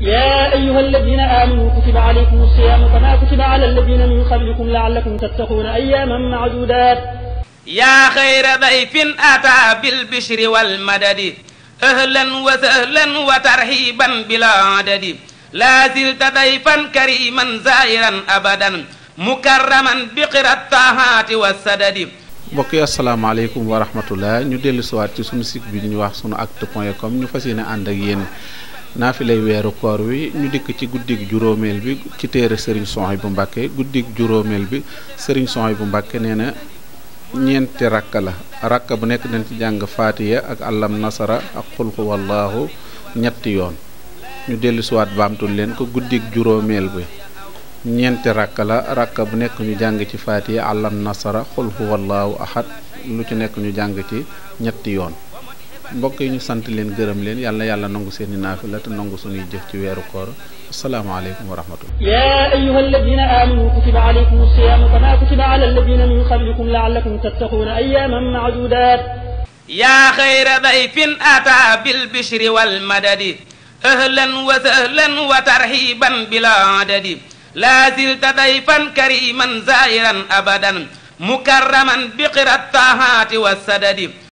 يا أيها الذين آمنوا كتب عليكم الصيام كما كتب على الذين من قبلكم لعلكم تتقون أياما معدودات يا خير ضيف أتى بالبشر والمدد أهلا وسهلا وترحيبا بلا عدد لا زلت ضيفا كريما زائرا أبدا مكرما بقرى الطاعات والسدد mbokk yi asalaamaaleykum wa rahmatullah ñu dellu siwaat ci sunu site bi ñu wax sunu acte point com ñu fas yéene ànd ak yéen naafilay weeru koor wi ñu dikk ci guddig juróomeel bi ci téere sëriñ bu Mbacké guddig juróomeel bi sëriñ Souhaïbou Mbacké nee na ñeenti rakk la rakk bu nekk dañ ci jàng faatiya ak àllam nasara ak xulxu wallaahu ñetti yoon ñu dellu siwaat baamtul leen ko guddig juróomeel bi ñeenti rakk la rakk bu nekk ñu jàng ci faatiya àllam nasara xulxu wallaahu ahad lu ci nekk ñu jàng ci ñetti yoon mbokk yi ñu sant leen gërëm leen yàlla yàlla nangu seen i naafila te nangu suñuy jëf ci weeru koor asalaamaaleykum wa rahmatullah ya ayuha alladina amanu kutiba alaykum alsiyamu kama kutiba ala alladina min qablikum laallakum tattaquuna ayaman maadudat ya xayra dayfin ata bilbishri walmadadi ahlan wa sahlan wa tarhiban bila adadi laa zilta dayfan kariman zairan abadan mukarraman biqira tahaati wasadadi